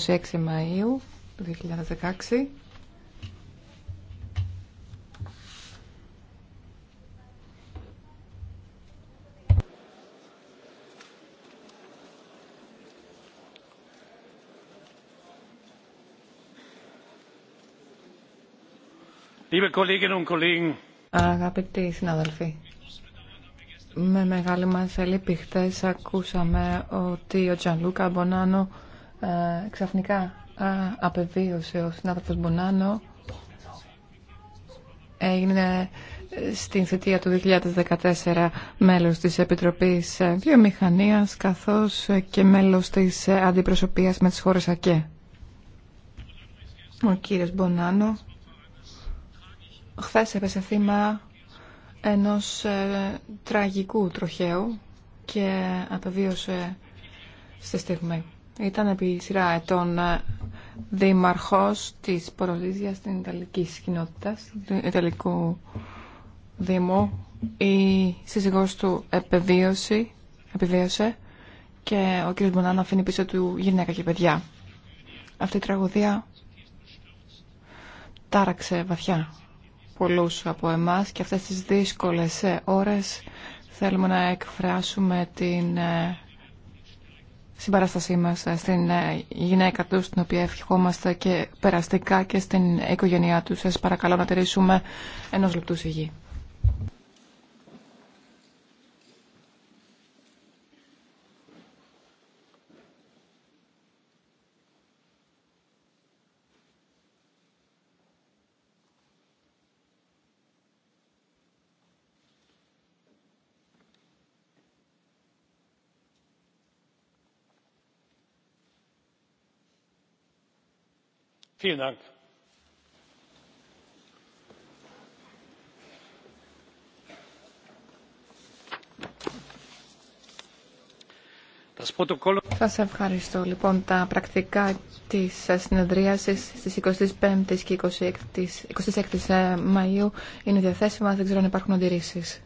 26 Μαΐου 2016 Liebe Kolleginnen und Kollegen, Αγαπητοί συναδελφοί, με μεγάλη μας ελίπη χτες ακούσαμε ότι ο Τζανλούκα Μπονάνο ε, ξαφνικά απεβίωσε ο συνάδελφος Μπονάνο έγινε ε, στην θητεία του 2014 μέλος της Επιτροπής ε, Βιομηχανίας καθώς και μέλος της αντιπροσωπείας με τις χώρες ΑΚΕ. Ο κύριος Μπονάνο χθες έπεσε θύμα ενός τραγικού τροχαίου και απεβίωσε στη στιγμή. Ήταν επί σειρά ετών ε, δήμαρχος της Πορολίζιας στην Ιταλική κοινότητα, του Ιταλικού Δήμου. Η σύζυγός του επεβίωσε, επιβίωσε και ο κ. Μονάνα αφήνει πίσω του γυναίκα και παιδιά. Αυτή η τραγωδία τάραξε βαθιά πολλούς από εμάς και αυτές τις δύσκολες ε, ώρες θέλουμε να εκφράσουμε την ε, συμπαράστασή μας ε, στην ε, γυναίκα τους, την οποία ευχόμαστε και περαστικά και στην οικογένειά τους. Σας παρακαλώ να τηρήσουμε ενός λεπτού υγιή. vielen dank! Σας ευχαριστώ. Λοιπόν, τα πρακτικά της συνεδρίασης στις 25 και 26 ε, Μαΐου είναι διαθέσιμα. Δεν ξέρω αν υπάρχουν αντιρρήσεις.